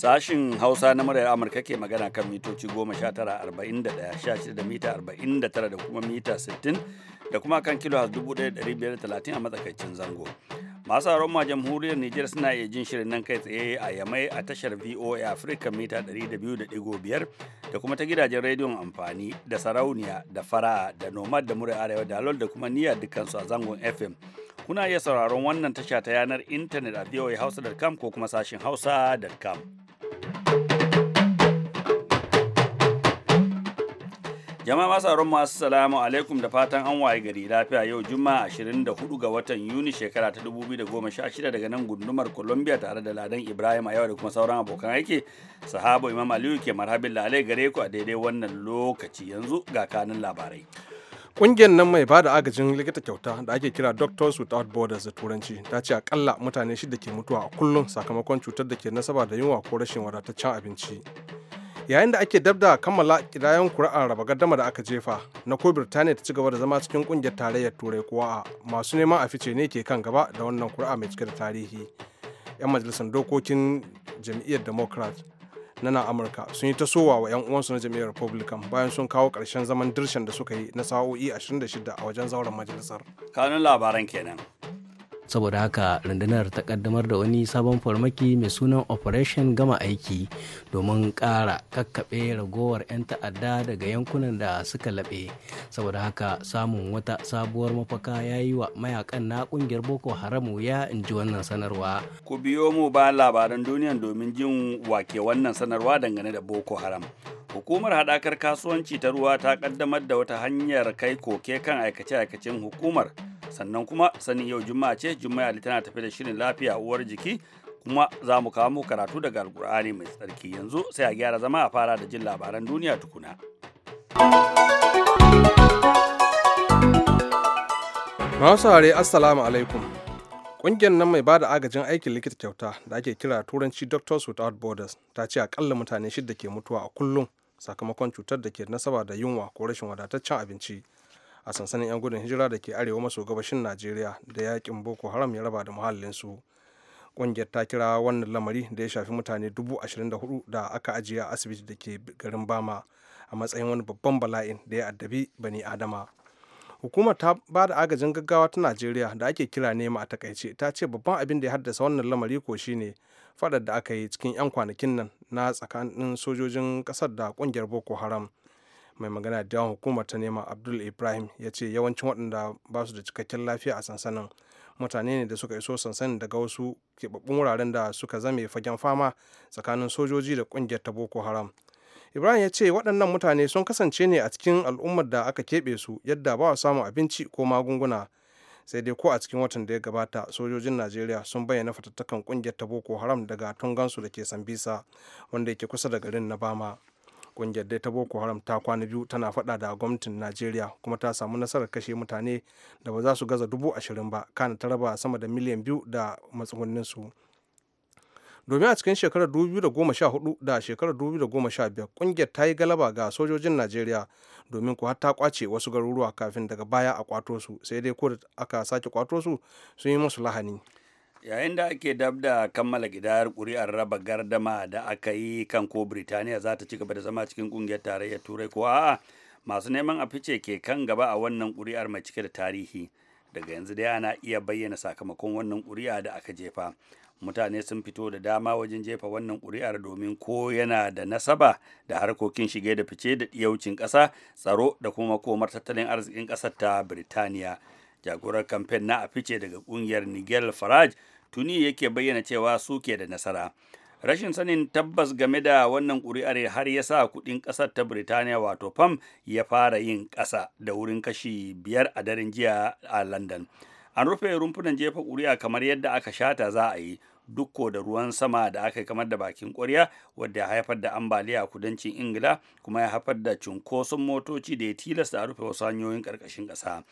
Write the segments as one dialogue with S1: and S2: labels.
S1: Sashin Hausa na muryar Amurka ke magana kan mitoci 19,41,16 da mita 49 da kuma mita 60 da kuma kan kilo 1,530 a matsakaicin zango. Masu sauran ma jamhuriyar Nijar suna iya jin shirin nan kai tsaye a Yamai a tashar VOA Africa mita 200.5 da kuma ta gidajen rediyon amfani da sarauniya da fara'a da nomad da murai arewa da alol da kuma niyya dukansu a zangon FM. Kuna iya sauraron wannan tasha ta yanar intanet a voahausa.com ko kuma sashin hausa.com. Jama'a masu auren masu salamu alaikum da fatan an waye gari lafiya yau Juma'a 24 ga watan Yuni shekara ta 2016 daga nan gundumar colombia tare da Ladan Ibrahim a yau da kuma sauran abokan aiki. Sahabo Imam Aliyu ke marhabin lalai gare ku a daidai wannan lokaci yanzu ga kanin labarai.
S2: kungiyar nan mai bada agajin likita kyauta da ake kira Doctors Without Borders da Turanci ta ce akalla mutane shida ke mutuwa a kullum sakamakon cutar da ke nasaba da yunwa ko rashin wadataccen abinci. yayin da ake dab da kammala kidayen kuri'ar raba gardama da aka jefa na ko birtaniya ta ci gaba da zama cikin kungiyar tarayyar turai kuwa masu neman a fice ne ke kan gaba da wannan kuri'a mai cike da tarihi yan majalisar dokokin jam'iyyar democrat na na amurka sun yi ta sowa wa yan uwansu na jam'iyyar republican bayan sun kawo karshen zaman dirshan da suka yi na sa'o'i 26 a wajen zauren majalisar kanun labaran kenan
S3: saboda haka rundunar ta kaddamar da wani sabon farmaki mai sunan operation gama aiki domin kara kakkaɓe ragowar 'yan ta'adda daga yankunan da suka laɓe saboda haka samun wata sabuwar mafaka ya yi wa mayakan na ƙungiyar boko haram ya inji wannan sanarwa
S1: ku biyo mu ba labaran duniya domin jin wake wannan sanarwa dangane da boko haram hukumar haɗakar kasuwanci ta ruwa ta ƙaddamar da wata hanyar kai koke kan aikace-aikacen hukumar sannan kuma sanin yau juma'a ce juma'a tana tafi da shirin lafiya uwar jiki kuma za mu kawo muku karatu daga alkur'ani mai tsarki yanzu sai a gyara zama a
S2: fara da jin labaran duniya tukuna masu saurare assalamu alaikum Ƙungiyar nan mai bada agajin aikin likita kyauta da ake kira turanci Doctors Without Borders ta ce akalla mutane shida ke mutuwa a kullum sakamakon cutar da ke nasaba da yunwa ko rashin wadataccen abinci a sansanin 'yan gudun hijira da ke arewa maso gabashin najeriya da yakin boko haram ya raba da muhallinsu ƙungiyar ta kira wannan lamari da ya shafi mutane dubu ashirin da hudu da aka ajiye a asibiti da ke garin bama a matsayin wani babban bala'in da ya addabi bani adama hukumar ta ba da agajin gaggawa ta najeriya da ake kira nema a takaice ta ce babban abin da ya haddasa wannan lamari ko shine fadar da aka yi cikin 'yan kwanakin nan na tsakanin sojojin ƙasar da kungiyar boko haram mai magana da yawan hukumar ta neman abdul ibrahim ya ce yawancin waɗanda ba su da cikakken lafiya a sansanin mutane ne da suka iso sansanin daga wasu keɓaɓɓun wuraren da suka zame fagen fama tsakanin sojoji da ƙungiyar ta boko haram ibrahim ya ce waɗannan mutane sun kasance ne a cikin al'ummar da aka keɓe su yadda ba samun abinci ko magunguna sai dai ko a cikin watan da ya gabata sojojin najeriya sun bayyana fatattakan ƙungiyar ta boko haram daga tungansu da ke sambisa wanda yake kusa da garin na bama kungiyar dai ta boko haram ta kwana biyu tana fada da gwamnatin najeriya kuma ta samu nasarar kashe mutane da ba za su gaza dubu ashirin ba kana ta raba sama da miliyan biyu da matsugunnin su. domin a cikin shekarar 2014 da shekarar 2015 kungiyar ta yi galaba ga sojojin najeriya domin ku har ta kwace wasu garuruwa kafin daga baya a kwato su sai dai ko da aka sake kwato su sun yi musu lahani
S1: yayin da ake dab da kammala gidar kuri'ar raba gardama da aka yi kan ko birtaniya za ta ci gaba da zama cikin kungiyar tarayyar turai ko a'a masu neman a fice ke kan gaba a wannan kuri'ar mai cike da tarihi daga yanzu dai ana iya bayyana sakamakon wannan kuri'a da aka jefa mutane sun fito da dama wajen jefa wannan kuri'ar domin ko yana da nasaba da harkokin shige da fice da ɗiyaucin kasa tsaro da kuma komar tattalin arzikin ƙasar ta birtaniya jagorar kamfen na a fice daga kungiyar nigel farage tuni yake bayyana cewa su ke da nasara rashin sanin tabbas game da wannan ƙuri'ar har ya sa kuɗin ƙasar ta Birtaniya wato fam ya fara yin ƙasa da wurin kashi biyar a daren jiya a London. An rufe rumfunan jefa ƙuri'a kamar yadda aka shata za a yi dukko da ruwan sama da aka yi kamar da bakin ƙwarya wadda ya haifar da ambaliya a kudancin Ingila kuma ya haifar da cunkoson motoci da ya tilasta a rufe wasu hanyoyin ƙarƙashin ƙasa.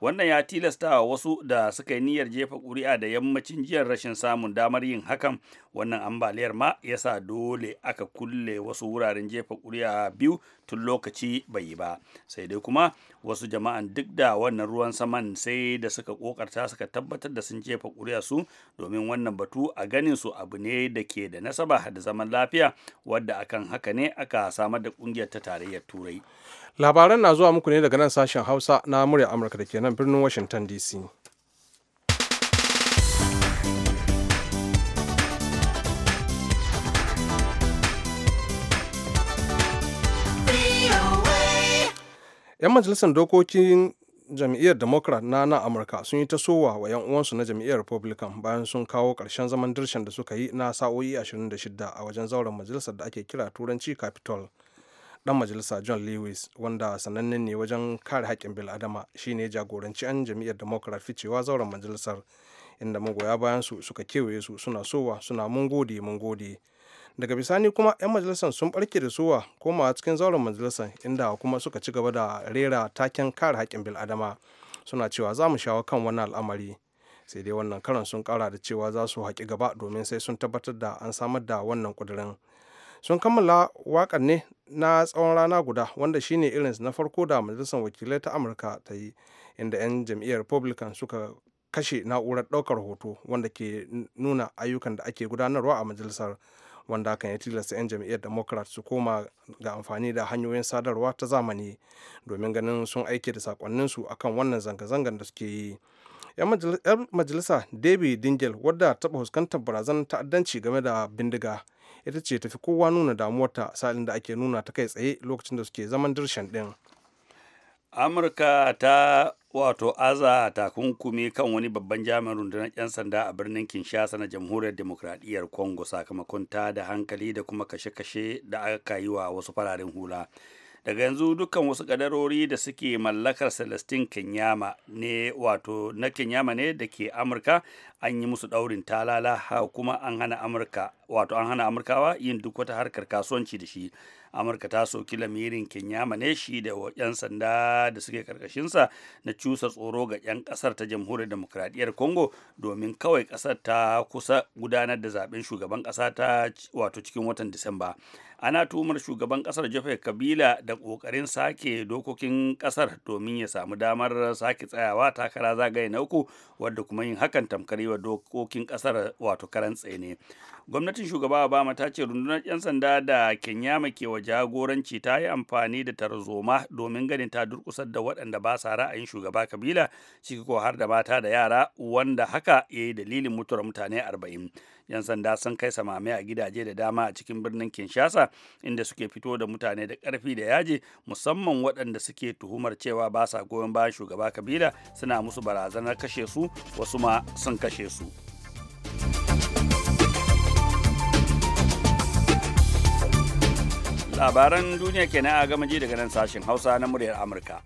S1: wannan ya tilasta wasu da suka yi niyyar jefa ƙuri'a da yammacin jiyar rashin samun damar yin hakan wannan ambaliyar ma ya sa dole aka kulle wasu wuraren jefa ƙuri'a biyu tun lokaci bai yi ba sai dai kuma wasu jama'an duk da wannan ruwan saman sai da suka kokarta suka tabbatar da sun jefa ƙuri'a su domin wannan batu a ganin su abu ne da ke da nasaba da zaman lafiya wadda akan haka ne aka samar da ƙungiyar ta tarayyar turai
S2: labaran na zuwa muku ne daga nan sashen hausa na murya amurka da ke nan birnin washington dc yan majalisar dokokin jam'iyyar democrat na nan amurka sun yi ta sowa wa yan uwansu na jam'iyyar republican bayan sun kawo ƙarshen zaman dirshan da suka yi na sa'o'i 26 a wajen zauren majalisar da ake kira turanci capitol dan majalisa john lewis wanda sanannen ne wajen kare haƙƙin bil'adama shine jagoranci 'yan jami'ar democrat ficewa zauren majalisar inda magoya bayan su suka kewaye su suna sowa suna mun gode mun gode daga bisani kuma 'yan majalisar sun barke da sowa komawa cikin zauren majalisar inda kuma suka ci gaba da rera taken kare haƙƙin bil'adama suna cewa za mu shawo kan wannan al'amari sai dai wannan karan sun kara da cewa za su haƙi gaba domin sai sun tabbatar da an samar da wannan ƙudurin sun kammala waƙar ne na tsawon rana guda wanda shine irin na farko da majalisar wakilai ta amurka ta yi inda 'yan jam'iyyar republican suka kashe na'urar ɗaukar hoto wanda ke nuna ayyukan da ake gudanarwa a majalisar wanda hakan ya tilasta 'yan jam'iyyar democrat su koma ga amfani da hanyoyin sadarwa ta zamani domin ganin sun aike da sakonninsu akan wannan zanga-zangar da suke yi 'yan majalisa david dingel wadda taɓa fuskantar barazan ta'addanci game da bindiga ita ce tafi kowa nuna damuwarta salin da ake nuna ta kai tsaye lokacin da suke zaman dirshan din.
S1: amurka ta wato aza takunkumi kan wani babban jami'in rundunar 'yan sanda a birnin kinshasa na jamhuriyar demokradiyyar congo sakamakon ta da hankali da kuma kashe-kashe da aka yi wa wasu fararen hula daga yanzu dukkan wasu kadarori da suke mallakar celestin kenyama ne wato na kenyama ne da ke amurka an yi musu daurin talala kuma an hana amurka wato an hana amurkawa yin duk wata harkar kasuwanci da shi amurka ta soki lamirin kenyama ne shi da yan sanda da suke karkashinsa na cusa tsoro ga yan kasar ta jamhuriyar demokradiyyar congo domin kawai kasar ta kusa gudanar da zaben shugaban kasa ta wato cikin watan disamba ana tuhumar shugaban kasar jefe Kabila da kokarin sake dokokin kasar domin ya samu damar sake tsayawa takara zagaye na uku wadda kuma yin hakan wa dokokin kasar wato karan ne. Gwamnatin shugaba Obama ta ce rundunar 'yan sanda da Kenyama ke wa jagoranci ta yi amfani da tarzoma domin ganin ta durkusar da waɗanda ba sa ra'ayin shugaba Kabila ciki ko har da mata da yara wanda haka ya yi dalilin mutuwar mutane arba'in. 'yan sanda sun kai samame a gidaje da dama a cikin birnin kinshasa inda suke fito da mutane da karfi da yaji musamman waɗanda suke tuhumar cewa ba sa goyon bayan shugaba kabila suna musu barazanar kashe su wasu ma sun kashe su labaran duniya kenan a gama ji daga nan sashen hausa na muryar amurka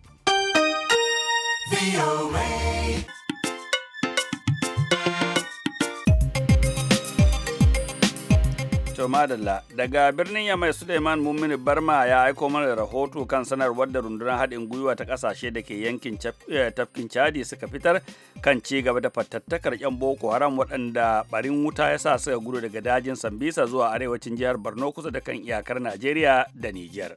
S1: madalla daga birnin Yamai Suleiman Mummini Barma ya aiko mana rahoto kan sanarwar da rundunar haɗin gwiwa ta ƙasashe da ke yankin eh, tafkin Chadi suka fitar kan ci gaba da fatattakar 'yan Boko Haram waɗanda ɓarin wuta ya sa suka gudu daga dajin Sambisa zuwa arewacin jihar Borno kusa da kan iyakar Najeriya da Nijar.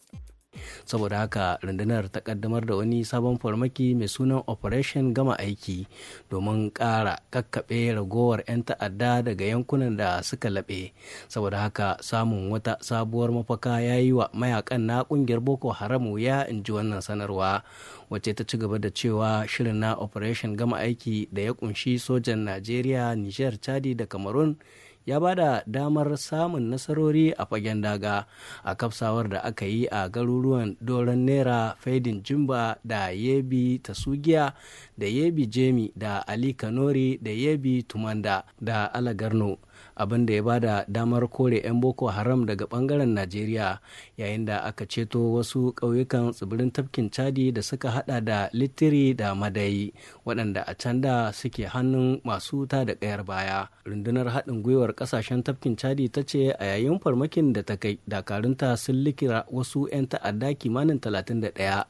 S3: saboda haka rundunar ta kaddamar da wani sabon farmaki mai sunan operation gama aiki domin kara kakkaɓe ragowar 'yan ta'adda daga yankunan da suka laɓe saboda haka samun wata sabuwar mafaka ya yi wa mayakan na ƙungiyar boko haram ya in ji wannan sanarwa wacce ta ci gaba da cewa shirin na operation gama aiki da ya kunshi sojan najeriya niger chadi da cameroon ya ba da damar samun nasarori a fagen daga a kafsawar da aka yi a garuruwan doron naira faidin jimba da yebi tasugiya da yebi jemi da ali kanori da yebi tumanda da alagarno abin da ya bada damar kore 'yan boko haram daga bangaren najeriya yayin da aka ceto wasu ƙauyukan tsibirin tafkin chadi da suka hada da litiri da madayi waɗanda a can da suke hannun masu ta da ƙayar baya rundunar haɗin gwiwar ƙasashen tafkin chadi ta ce a yayin farmakin da ta kai dakarunta sun likira wasu 'yan ta'adda kimanin 31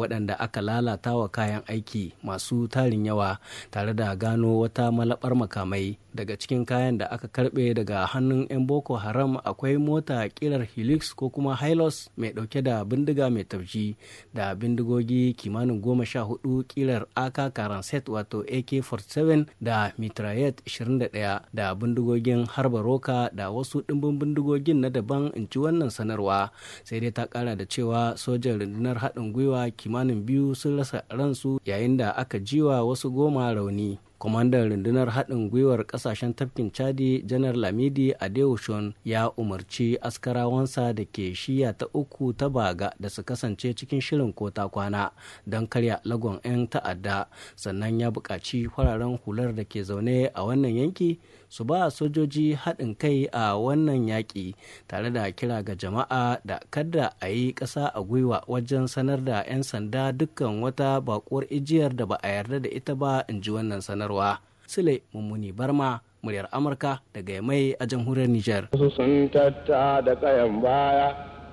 S3: waɗanda aka lalata wa kayan aiki masu tarin yawa tare da gano wata malabar makamai daga cikin kayan da aka karbe daga hannun 'yan boko haram akwai mota kirar helix ko kuma hilos mai dauke da bindiga mai tafji da bindigogi kimanin goma sha hudu kirar aka set wato ak-47 da mitrayet 21 da bindigogin harba roka da wasu dimbin bindigogin na daban in ci wannan sanarwa sai dai ta kara da cewa sojan rundunar haɗin gwiwa kimanin biyu sun rasa ransu yayin da aka jiwa wasu goma rauni kwamandan rundunar haɗin gwiwar ƙasashen tafkin chadi janar lamidi adeoshun ya umarci askarawansa da ke shiya ta uku ta baga da su kasance cikin shirin ko ta kwana don karya lagon 'yan ta'adda sannan ya buƙaci fararen hular da ke zaune a wannan yanki su ba sojoji haɗin kai a wannan yaƙi tare da kira ga jama'a da kada a yi ƙasa a gwiwa wajen sanar da 'yan sanda dukkan wata bakuwar ijiyar da ba a yarda da ita ba in ji wannan sanarwa. Sule Mummuni Barma muryar Amurka daga Yamai a jamhuriyar Nijar.
S2: Sun tatta da kayan baya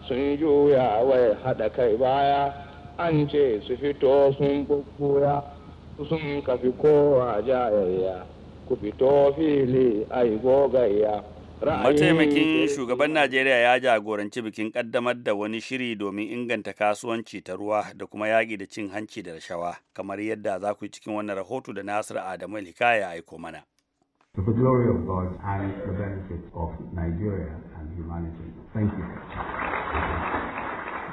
S2: sun juya wai haɗa kai baya an ce su fito sun bubbuya
S4: sun kafi kowa jayayya. ku fito fili ai
S3: gogayya Mataimakin
S1: shugaban Najeriya ya jagoranci bikin ƙaddamar da wani shiri domin inganta kasuwanci ta ruwa da kuma yaƙi da cin hanci da rashawa, kamar yadda za ku yi cikin wannan rahoto da Nasiru Adamu Lika ya aiko mana.
S5: the of God
S1: and Thank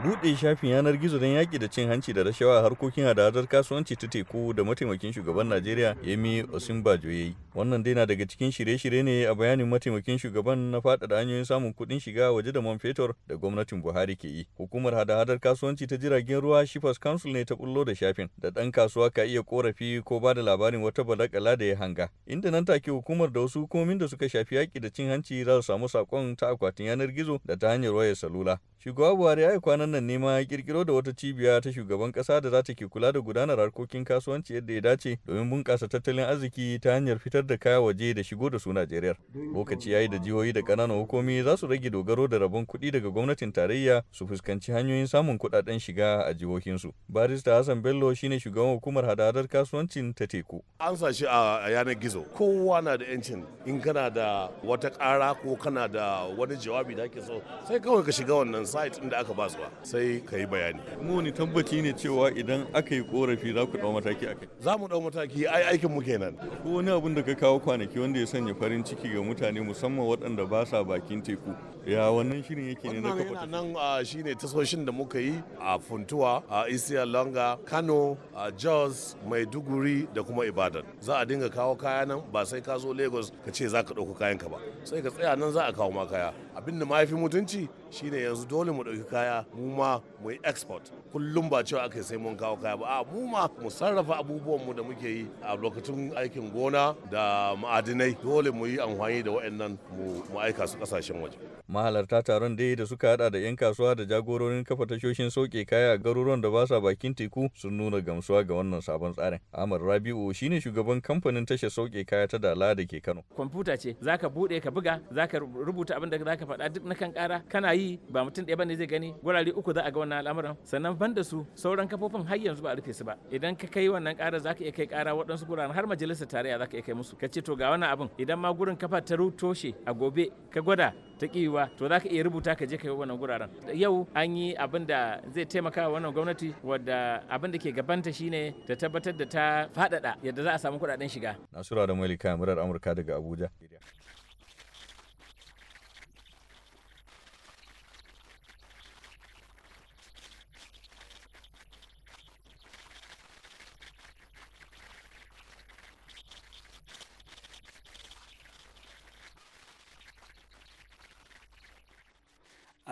S5: buɗe shafin yanar gizo don yaƙi da cin hanci da rashawa harkokin hadadar kasuwanci ta teku da mataimakin shugaban Najeriya Yemi Osinbajo ya Wannan dai na daga cikin shirye-shirye ne a bayanin mataimakin shugaban na faɗaɗa hanyoyin samun kuɗin shiga waje da man fetur da gwamnatin Buhari ke yi. Hukumar hada kasuwanci ta jiragen ruwa Shifas Council ne ta bullo da shafin da ɗan kasuwa ka iya korafi ko ba da labarin wata balakala da ya hanga. Inda nan take hukumar da wasu hukumomin da suka shafi yaƙi da cin hanci za su samu saƙon ta akwatin yanar gizo da ta hanyar wayar salula. Shugaba Buhari ya yi kwanan nan ne ma ya kirkiro da wata cibiya ta shugaban kasa da za ta ke kula da gudanar harkokin kasuwanci yadda ya dace domin bunƙasa tattalin arziki ta hanyar fitar da kaya waje da shigo da su Najeriya. Lokaci ya yi da jihohi da ƙananan hukumi za su rage dogaro da rabon kuɗi daga gwamnatin tarayya su fuskanci hanyoyin samun kuɗaɗen shiga a jihohinsu. Barista Hassan Bello shi ne shugaban hukumar hadadar kasuwancin ta teku. An sa shi a yanar gizo. Kowa na da 'yancin in kana da
S1: wata ƙara ko kana da wani jawabi da ake so sai kawai ka shiga wannan site da aka ba su ba
S5: sai ka yi bayani mu ni tabbaci ne cewa idan aka yi korafi za ku dau mataki akai za mu dau mataki ai aikin mu kenan ko wani abin da ka kawo kwanaki wanda ya sanya farin ciki ga mutane musamman waɗanda ba sa bakin teku ya wannan shirin yake ne na kafa nan shine tasoshin da muka yi a funtuwa a isiya longa kano a jos
S1: maiduguri da kuma ibadan za a dinga kawo kaya nan ba sai ka zo lagos ka ce za ka ɗauko kayanka ba sai ka tsaya nan za a kawo ma kaya abin da ma mutunci shine yanzu dole mu ɗauki kaya mu ma mu yi export kullum ba cewa aka sai mun kawo kaya ba a mu ma mu sarrafa abubuwan mu da muke yi a lokacin aikin gona da ma'adinai dole mu yi amfani da waɗannan
S5: mu aika su kasashen waje mahalarta taron dai da suka hada da 'yan kasuwa da jagororin kafa tashoshin sauke kaya a garuruwan da ba sa bakin teku sun nuna gamsuwa ga wannan sabon tsarin amar rabi'u shine shugaban kamfanin tashar sauke kaya ta dala da ke kano
S1: kwamfuta ce zaka bude ka buga zaka rubuta abin da zaka faɗa duk na kan kara kana yi ba mutum ɗaya bane zai gani gurare uku za a ga wannan wannan al'amuran sannan banda su sauran kafofin har yanzu ba a rufe su ba idan ka kai wannan ƙara za ka iya kai ƙara waɗansu guraren har majalisar tarayya za ka iya kai musu ka ce to ga wannan abin idan ma gurin kafa ta toshe a gobe ka gwada ta kiwa to za ka iya rubuta ka je ka yi wannan guraren yau an yi abin da zai taimaka wa wannan gwamnati wadda abin da ke gabanta shine ta tabbatar da ta faɗaɗa yadda za a samu kuɗaɗen shiga
S5: nasiru da malika murar amurka daga abuja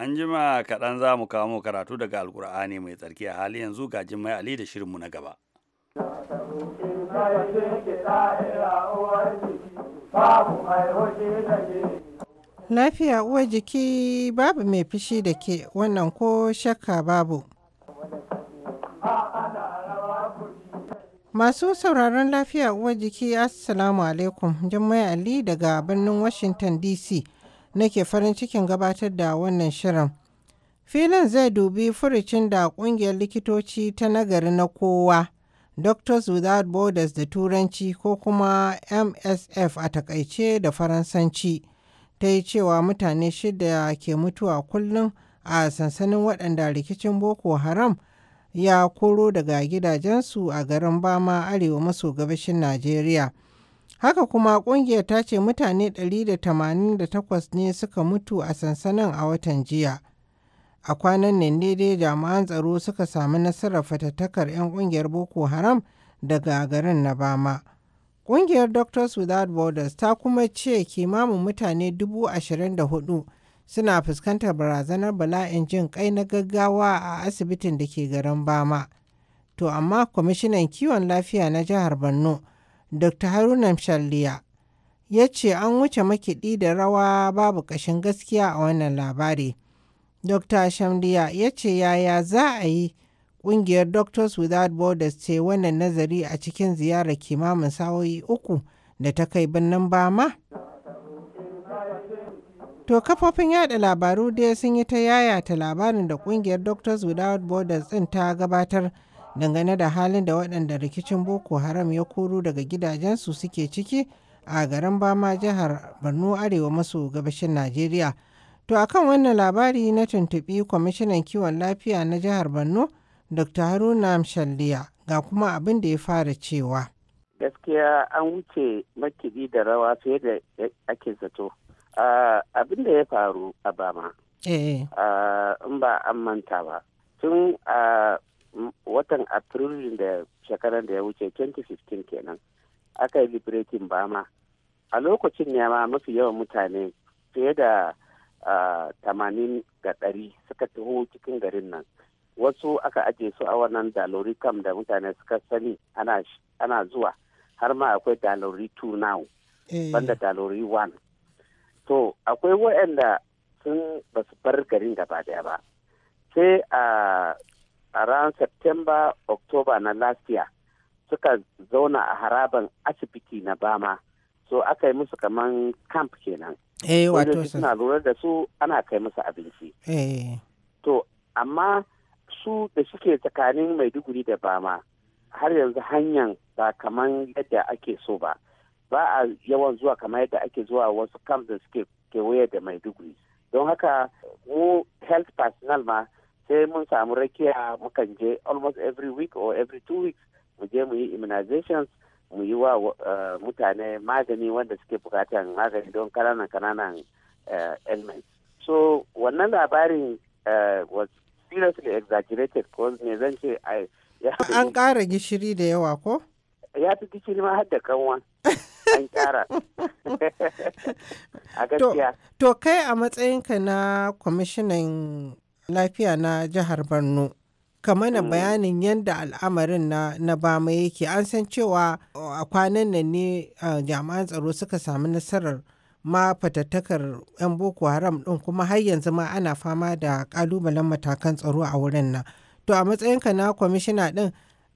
S1: an jima kaɗan za mu kawo karatu daga alkur'ani mai tsarki a hali yanzu ga jimai ali da shirinmu na gaba
S6: lafiya uwar jiki babu mai fushi da ke wannan ko shakka babu masu sauraron lafiya uwar jiki assalamu alaikum jimai ali daga birnin washington dc nake farin cikin gabatar da wannan shirin. Filin zai dubi furucin da ƙungiyar likitoci ta nagari na kowa, Doctors Without Borders da Turanci ko kuma MSF a takaice da Faransanci, ta yi cewa mutane shida ke mutuwa kullum a sansanin waɗanda rikicin Boko Haram ya koro daga gidajensu a garin Bama Arewa maso gabashin Najeriya. Haka kuma ƙungiyar ta ce mutane 188 ne suka mutu a sansanin a watan jiya. A kwanan nan ne dai jami'an tsaro suka samu nasarar fatattakar 'yan ƙungiyar Boko Haram daga garin na Bama. Ƙungiyar Dr. Without Borders ta kuma ce kimamin mutane 24,000 suna fuskantar barazanar bala'in jin kai na gaggawa a asibitin da ke garin Bama. To amma kwamishinan kiwon lafiya na jihar Borno. Dr. Haruna Shalliya ya ce an wuce makiɗi da rawa babu ƙashin gaskiya a wannan labari. Dr. Shamliya ya ce yaya za a yi ƙungiyar Doctors Without Borders ce wannan nazari a cikin ziyarar kimamin sa'o'i uku da ta kai birnin Bama? To kafofin yada labaru dai sun yi ta yayata labarin da ƙungiyar Doctors Without Borders ɗin ta gabatar. dangane da halin da waɗanda rikicin boko haram ya koro daga gidajensu suke ciki a garin bama jihar borno arewa maso gabashin najeriya to akan wannan labari na tuntuɓi kwamishinan kiwon lafiya na jihar borno dr haruna shalliya ga kuma abin da ya fara cewa
S4: gaskiya an wuce makiɗi da rawa fiye da ake zato abin da ya faru a bama eh. in ba an manta ba tun a watan april da shekarar da ya wuce 2015 kenan aka yi liberating bama a lokacin ne ma mafi yawan mutane fiye da tamanin ga ɗari suka taho cikin garin nan wasu aka ajiye su a wannan dalori kam da mutane suka sani ana zuwa har ma akwai dalori 2 now eh. banda dalori 1 to akwai waɗanda sun basu bar garin gaba daya ba sai a a ran september october na last year suka zauna a haraban asibiti na bama so aka yi musu kaman camp kenan
S6: eh wato suna
S4: lura da su ana kai musu abinci eh. to amma su da suke tsakanin maiduguri da bama har yanzu hanyar ba kaman yadda ake so ba ba a yawan zuwa kamar yadda ake zuwa wasu camps da suke kewaye da maiduguri don haka mu health personnel ma sai mun samu rakiya mukan je almost every week or every two weeks mu je mu yi immunizations mu yi wa eh, mutane magani wanda suke bukatan magani don kananan kananan eh, ailments so wannan labarin eh, was seriously exaggerated ko me zan ce an
S6: ƙara gishiri da yawa ko
S4: ya fi gishiri ma har da kanwa an kara a
S6: gaskiya to kai a matsayinka na kwamishinan lafiya na jihar Borno. kamana mm. bayanin yadda al'amarin na, na bama yake an san cewa uh, a kwanan nan ne uh, jami'an tsaro suka sami nasarar ma fatattakar 'yan boko haram ɗin kuma har yanzu ma ana fama da kalubalen matakan tsaro a wurin nan to a matsayinka na kwamishina din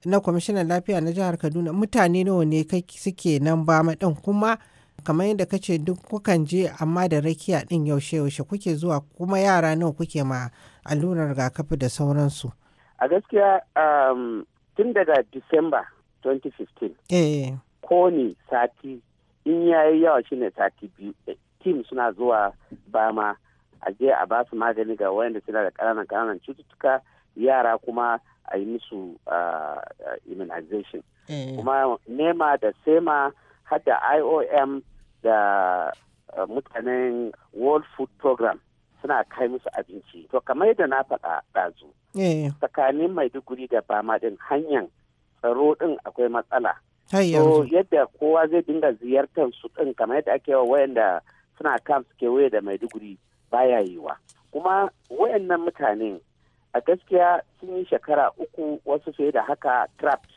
S6: na kwamishinan lafiya na jihar kaduna mutane nawa ne suke nan bama ɗin kuma kamar yadda kace duk kukan je amma da rakiya ɗin yaushe yaushe kuke zuwa kuma yara nawa kuke ma allurar rigakafi da sauransu
S4: a gaskiya um, tun daga disamba 2015 eh, eh. kowane sati in ya yi yawa shi ne sati biyu eh, tim suna zuwa bama a je a ba su magani ga wayanda suna da ƙananan ƙananan cututtuka yara kuma a yi musu uh, immunization eh. kuma nema da sema har da iom da uh, mutanen world food program suna kai musu abinci to kamar yadda na faɗa ɗazu eh. tsakanin maiduguri da bama din hanyar tsaro ɗin akwai matsala to yadda kowa zai dinga ziyartar su ɗin, kamar yadda ake wa wayanda suna kam suke waye da maiduguri baya yiwa kuma wayannan mutane a gaskiya sun yi shekara uku wasu fiye da haka trapped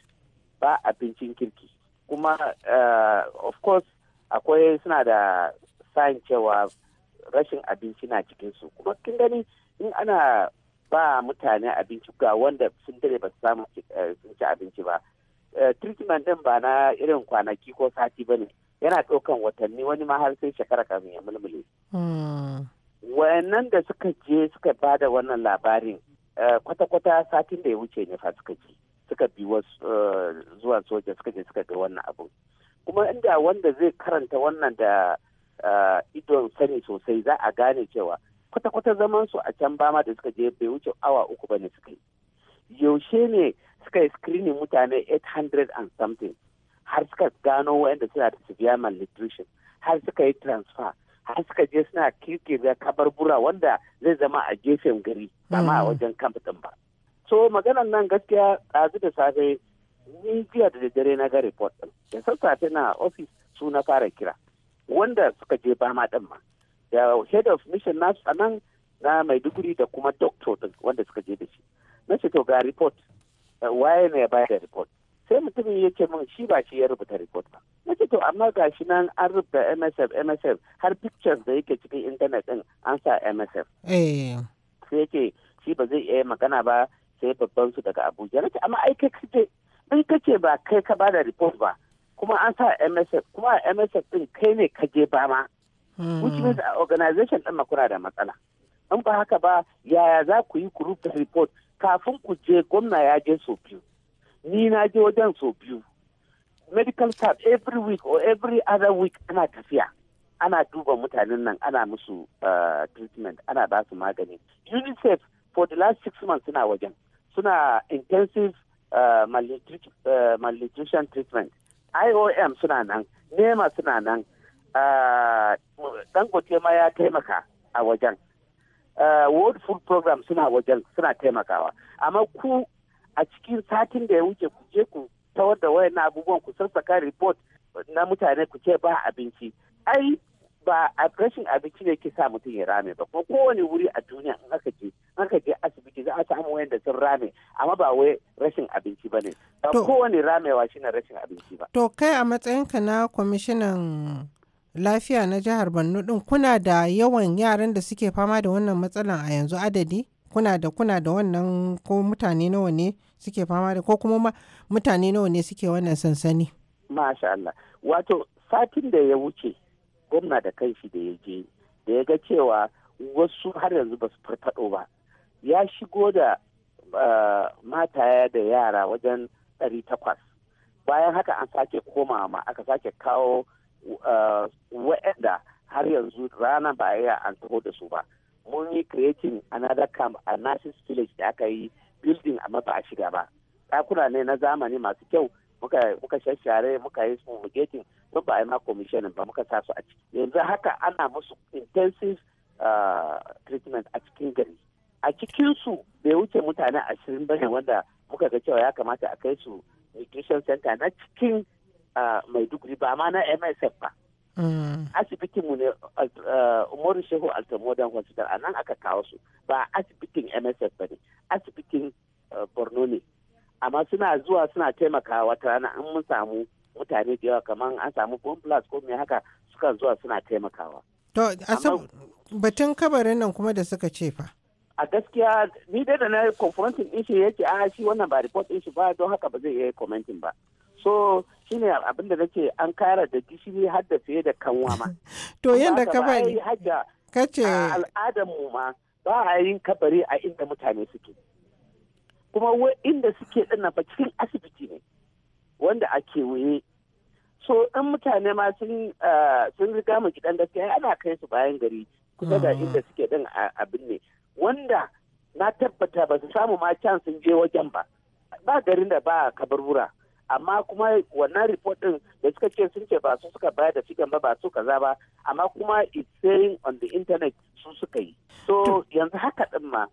S4: ba abincin kirki kuma uh, of course akwai suna da sign cewa rashin abinci na cikin su kuma kin gani in ana ba mutane abinci ga wanda sun dare ba su samu eh, sun ci abinci ba eh, treatment din ba na irin kwanaki ko sati ba ne yana ɗaukan watanni wani ma har sai shekara kafin ya mulmule.
S6: Hmm.
S4: Wayannan da suka je suka ba da wannan labarin eh, kwata-kwata satin da ya wuce ne fa suka ji suka bi zuwa soja suka je suka ga wannan abu. Kuma inda wanda zai karanta wannan da Uh, idon sani sosai za a gane cewa kwata-kwata zaman su a can bama da suka je bai wuce awa uku ba ne suka yi yaushe ne suka yi screening mutane 800 and something har suka gano wa'anda suna da severe malnutrition har suka yi transfer har suka je suna kabar bura wanda zai zama a gefen gari
S3: ba ma a hmm. wajen
S4: kamfatin ba so maganan nan gaskiya ɗazu da safe ni jiya da daddare na ga report ɗin da sassafe na office su na fara kira wanda suka je bama din ma da head of mission nasu a nan na maiduguri da kuma doctor din wanda suka je da shi na ce to ga report waye ne ya bayar da report sai mutumin ya ce min shi ba shi ya rubuta report ba na ce to amma ga shi nan an rubuta msf msf har pictures da yake cikin internet din an sa msf eh. sai ya ce shi ba zai iya magana ba sai babban su daga abuja na ce amma ai kai kace in kace ba kai ka bada report ba kuma an sa MSF kuma MSF din kai ne ka je ba ma
S6: hmm. which means
S4: organization din kuna da matsala in ba haka ba yaya za ku yi ku rubuta report kafin ku je gwamna ya je so biyu ni na je wajen so biyu medical staff every week or every other week ana tafiya ana duba mutanen nan ana musu uh, treatment ana ba su magani unicef for the last six months suna wajen suna intensive uh, uh, malnutrition treatment iom suna nan nema suna nan ah, dangote ma ya taimaka a wajen ah, world food program suna wajen suna taimakawa amma ku a cikin satin da ya wuce ku je ku tawar da wayan abubuwan ku sassaka report na mutane ku ce ba abinci ai ba a rashin abinci ne ke sa mutum ya rame ba kuma kowane wuri a duniya in aka je aka je asibiti za a samu wayanda sun rame amma ba wai rashin abinci ba ne ba kowane ramewa na rashin abinci ba
S6: to kai a matsayinka na kwamishinan lafiya na jihar Borno din kuna da yawan yaran da suke fama da wannan matsalan a yanzu adadi kuna da kuna da wannan ko mutane nawa ne suke fama da ko kuma mutane nawa ne suke wannan sansani
S4: masha Allah wato satin da ya wuce gwamna da kanshi da ya je da ya ga cewa wasu har yanzu ba su farfado ba ya shigo da mataya da yara wajen ɗari takwas bayan haka an sake koma ma aka sake kawo wa'anda har yanzu rana ba ya an taho da su ba mun yi creating another camp a nasis village da aka yi building amma ba a shiga ba ɗakuna ne na zamani masu kyau muka muka shashare muka yi fumigating duk ba a yi ma commissioning ba muka sa su a ciki yanzu haka ana musu intensive ah, treatment a cikin gari a cikin su bai wuce mutane ashirin bane wanda muka ga cewa ya kamata a kai su nutrition center na cikin ah, mai duguri ba ma na msf ba mm. asibitin mu ne ah, umaru shehu altamodan hospital a nan aka kawo su ba asibitin msf ba ne asibitin borno ne amma suna zuwa suna taimakawa wata rana an mun samu mutane da yawa kamar an samu phone plus ko me haka suka zuwa suna taimakawa
S6: to batun kabarin nan kuma da suka ce fa
S4: a gaskiya ni dai da na confronting din shi yake a ah, shi wannan ba report din shi ba don haka ba zai iya commenting ba so shine abin da nake an kara da gishiri har da fiye da kanwa ma to yadda ka kace al'adar mu ma ba a yin kabari a inda mutane suke kuma inda suke ɗin ba cikin asibiti ne wanda a kewaye so in mutane ma sun eh, riga mu gidan gaskiya ana kai su bayan gari kusa da inda suke ɗin abin ne wanda na tabbata ba su samu ma can sun je wajen ba ba garin da ba kaburbura amma kuma wannan report din da suka ce sun ce ba su suka bayar da cikin ba ba su kaza ba amma kuma it's saying on the internet su suka yi so yanzu haka din ma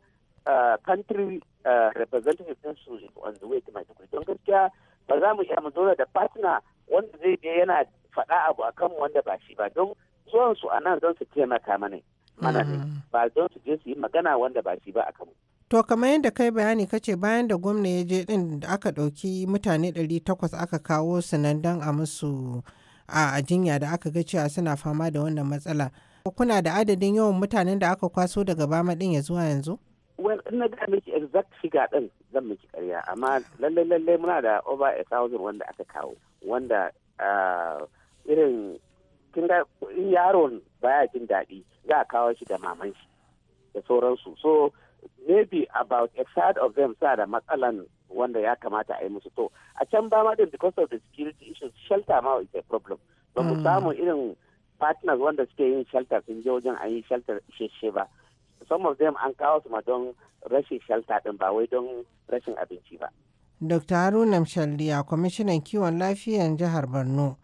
S4: Uh, country uh, representative din su on the way to Maiduguri don gaskiya ba za mu iya mu zo da partner wanda zai je yana faɗa abu a kan wanda ba shi ba don zuwan su a nan don su taimaka mana mana ne mm. ba don su je su yi magana wanda ba shi ba a kanmu.
S6: To kamar yadda kai bayani kace bayan da gwamna ya je din da aka ɗauki mutane 800 aka kawo su nan don a musu a jinya da aka ga cewa suna fama da wannan matsala. Kuna da adadin yawan mutanen da aka kwaso daga bama din ya zuwa yanzu?
S4: well ina ga miki exact shiga din zan miki karya amma lalle lalle muna da over a thousand wanda aka kawo wanda ah, irin kin ga yaron baya jin daɗi za a kawo shi da maman shi da sauransu so maybe about a third of them sa da matsalan wanda ya kamata a yi musu to a can ba ma din because of the security issues shelter ma is a problem ba mu mm. samu irin partners wanda suke yin shelter sun je wajen an yi shelter isheshe ba some of them an kawo su ma don rashin shelta din ba wai don rashin abinci ba
S6: Dr. Haruna Mshalliya, kwamishinan kiwon lafiyan jihar Borno.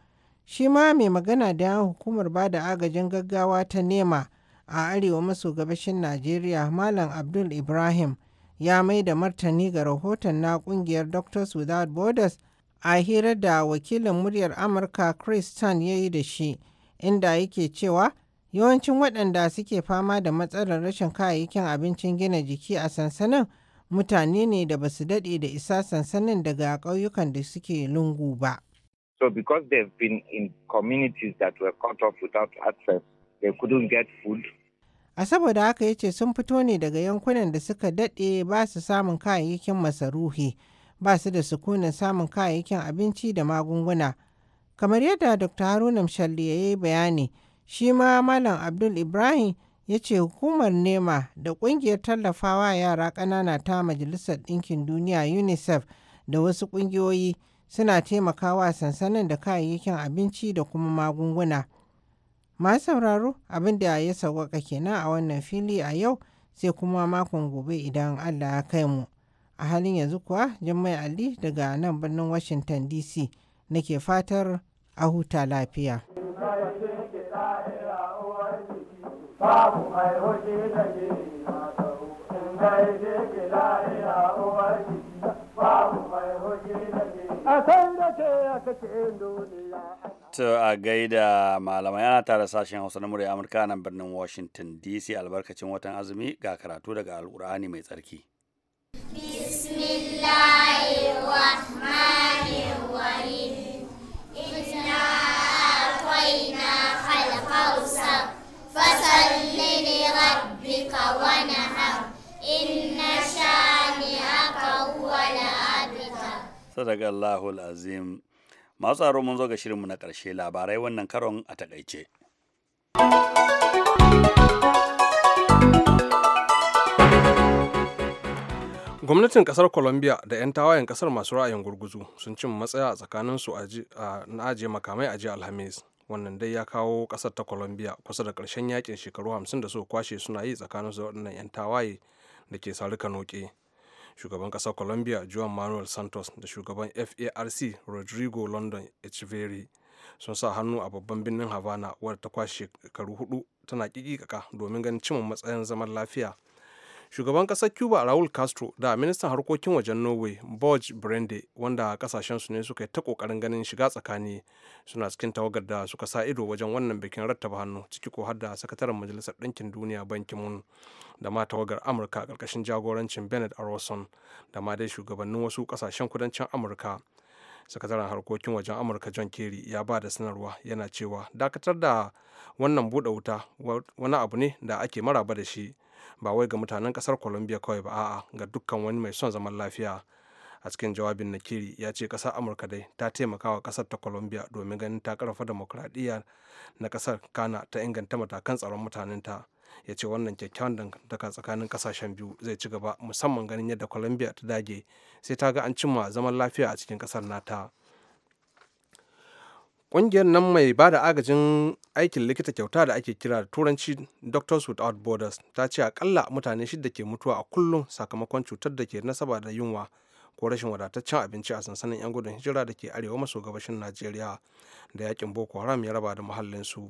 S6: Shi ma mai magana da yawon hukumar ba da agajin gaggawa ta nema a arewa maso gabashin Najeriya Malam Abdul Ibrahim ya mai da martani ga rahoton na kungiyar Doctors Without Borders a hira da wakilin muryar Amurka Chris Tan ya yi da shi, inda yake cewa Yawancin waɗanda suke fama da matsalar rashin kayayyakin abincin gina jiki a sansanin mutane ne da ba su daɗe da isa sansanin daga ƙauyukan da suke lungu ba.
S4: So because they've been in communities that were cut off without access, they couldn't get
S6: food. A saboda haka ya ce sun fito ne daga yankunan da suka daɗe ba su samun kayayyakin masaruhi, ba su da sukunin samun kayayyakin abinci da magunguna. Kamar yadda Dr. Haruna Mshalli ya yi bayani, Shi ma Malam Abdul Ibrahim ya ce hukumar NEMA da ƙungiyar tallafawa yara ƙanana ta Majalisar Ɗinkin Duniya UNICEF da wasu ƙungiyoyi suna taimakawa sansanin da kayayyakin abinci da kuma magunguna. Ma sauraro abin da ya sauwaka kenan a wannan fili a yau sai kuma makon gobe idan Allah ya kai mu. A halin yanzu kuwa Jummai Ali daga nan birnin Washington DC nake fatar a huta lafiya.
S4: babu mai
S1: To a gaida malamai ana tara sashen Hausa na murya Amurka nan birnin Washington DC albarkacin watan azumi ga karatu daga Alkur'ani mai tsarki.
S6: Bismillahirrahmanirrahim. Inna akwai na فصل
S3: لربك ونهر
S6: إن شانئك
S1: masu tsaro mun zo ga shirinmu na ƙarshe labarai wannan karon a takaice.
S2: gwamnatin ƙasar colombia da 'yan tawayen ƙasar masu ra'ayin gurguzu sun cin matsaya a tsakaninsu na ajiye makamai a jiya alhamis wannan dai ya kawo kasar ta colombia kusa da karshen yakin shekaru 50 da suka kwashe suna yi tsakanin su waɗannan 'yan tawaye da ke sarika noke shugaban kasar colombia juan manuel santos da shugaban farc rodrigo london echeverry sun sa hannu a babban birnin havana wadda ta kwashe shekaru hudu tana kikikaka domin ganin cimma matsayin zaman lafiya shugaban kasar cuba raul castro da ministan harkokin wajen norway borge brende wanda su ne suka yi ta kokarin ganin shiga tsakani suna cikin tawagar da suka sa ido wajen wannan bikin rattaba hannu ciki ko har da sakataren majalisar ɗinkin duniya bankin mun da ma tawagar amurka a ƙarƙashin jagorancin bennett arrowson da ma dai shugabannin wasu kasashen kudancin amurka sakataren harkokin wajen amurka john kerry ya ba da sanarwa yana cewa dakatar da wannan buɗe wuta wani abu ne da ake maraba da shi ba wai ga mutanen kasar colombia kawai ba a'a ga dukkan wani mai son zaman lafiya a cikin jawabin na kiri ya ce kasar amurka dai ta taimaka wa kasar ta colombia domin ganin ta karfa demokradiyya na kasar kana ta inganta matakan tsaron mutanenta ya ce wannan kyakkyawan dangantaka tsakanin kasashen biyu zai ci gaba musamman ganin yadda colombia ta dage sai ta ga an cimma zaman lafiya a cikin kasar nata. ƙungiyar nan mai ba da agajin aikin likita kyauta da ake kira da turanci doctors without borders ta ce akalla mutane shida ke mutuwa a kullum sakamakon cutar da ke nasaba da yunwa ko rashin wadataccen abinci a sansanin 'yan gudun hijira da ke arewa maso gabashin najeriya da yakin boko haram ya raba da muhallinsu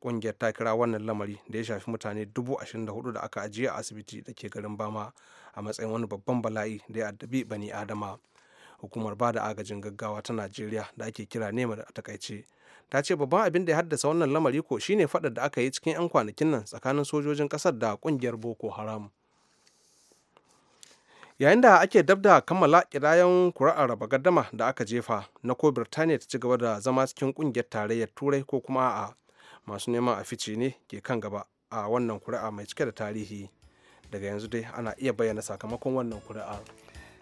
S2: ƙungiyar ta kira wannan lamari da ya shafi mutane dubu ashirin da hudu da aka ajiye a asibiti da ke garin bama a matsayin wani babban bala'i da ya addabi bani adama hukumar ba da agajin gaggawa ta najeriya da ake kira nema a takaice ta ce babban abin da ya haddasa wannan lamari ko shine fadar da aka yi cikin 'yan kwanakin nan tsakanin sojojin kasar da kungiyar boko haram yayin da ake dab da kammala kirayen kuri'ar raba gardama da aka jefa na ko birtaniya ta ci gaba da zama cikin kungiyar tarayyar turai ko kuma a masu neman a fice ne ke kan gaba a wannan kuri'a mai cike da tarihi daga yanzu dai ana iya bayyana sakamakon wannan kuri'a.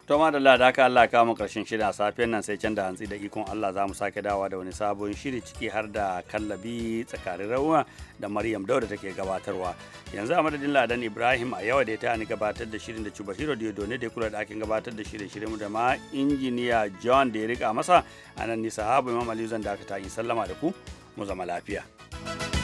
S1: to ma da lada ka Allah kawo karshen shirin a safiyar nan sai can da hantsi da ikon Allah za mu sake dawa da wani sabon shiri ciki har da kallabi tsakanin rawa da Maryam Dauda take gabatarwa yanzu a madadin Ladan Ibrahim a yawa da ya tani gabatar da shirin da Cuba Hiro ne da kula da akin gabatar da shirin shirin da ma injiniya John da ya rika masa a nan ni sahabu Imam Ali zan da aka ta sallama da ku mu zama lafiya.